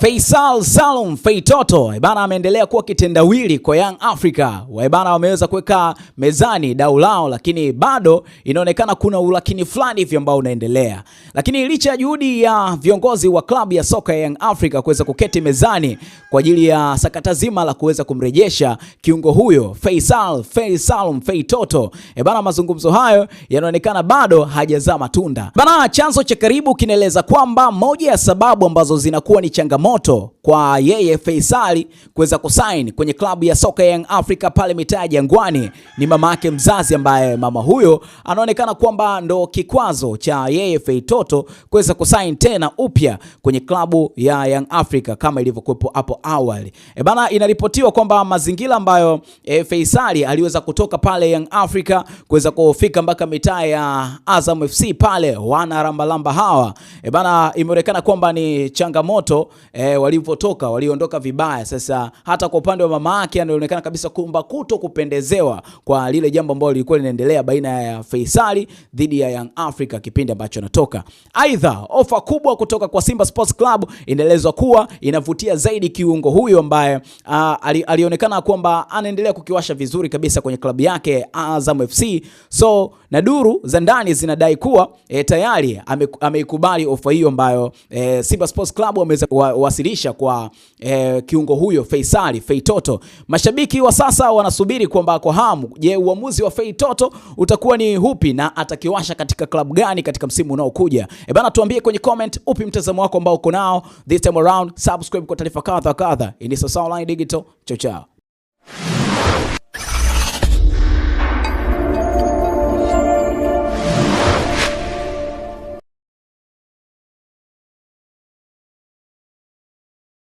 Faisal Salum Feitoto ebana ameendelea kuwa kitendawili kwa Young Africa. Bana wameweza kuweka mezani dau lao, lakini bado inaonekana kuna ulakini fulani hivi ambao unaendelea. Lakini licha ya juhudi ya viongozi wa klabu ya soka ya Young Africa kuweza kuketi mezani kwa ajili ya sakata zima la kuweza kumrejesha kiungo huyo Faisal Salum Feitoto, ebana mazungumzo hayo yanaonekana bado hajazaa matunda. Bana chanzo cha karibu kinaeleza kwamba moja ya sababu ambazo zinakuwa ni changamoto changamoto kwa yeye Faisali kuweza kusign kwenye klabu ya soka Young Africa pale mitaa ya Jangwani ni mama yake mzazi, ambaye mama huyo anaonekana kwamba ndo kikwazo cha yeye Feitoto kuweza kusign tena upya kwenye klabu ya Young Africa kama ilivyokuwepo hapo awali. E bana, inaripotiwa kwamba mazingira ambayo e, Faisali aliweza kutoka pale Young Africa kuweza kufika mpaka mitaa ya Azam FC pale wana rambalamba hawa e bana, imeonekana kwamba ni changamoto e, e, eh, walipotoka waliondoka vibaya. Sasa hata kwa upande wa mama yake anaonekana kabisa kumba kuto kupendezewa kwa lile jambo ambalo lilikuwa linaendelea baina ya Faisali dhidi ya Young Africa kipindi ambacho anatoka. Aidha, ofa kubwa kutoka kwa Simba Sports Club inaelezwa kuwa inavutia zaidi kiungo huyu ambaye ah, alionekana kwamba anaendelea kukiwasha vizuri kabisa kwenye klabu yake Azam FC. So na duru za ndani zinadai kuwa e, tayari ameikubali ofa hiyo ambayo e, Simba Sports Club wameweza kuwasilisha kwa eh, kiungo huyo Feisali Feitoto. Mashabiki wa sasa wanasubiri kwamba kwa hamu, je, uamuzi wa Feitoto utakuwa ni hupi na atakiwasha katika klabu gani katika msimu unaokuja? E bana, tuambie kwenye comment upi mtazamo wako ambao uko nao this time around. Subscribe kwa taarifa kadha kadha. Ini sasa Online Digital. Chao chao.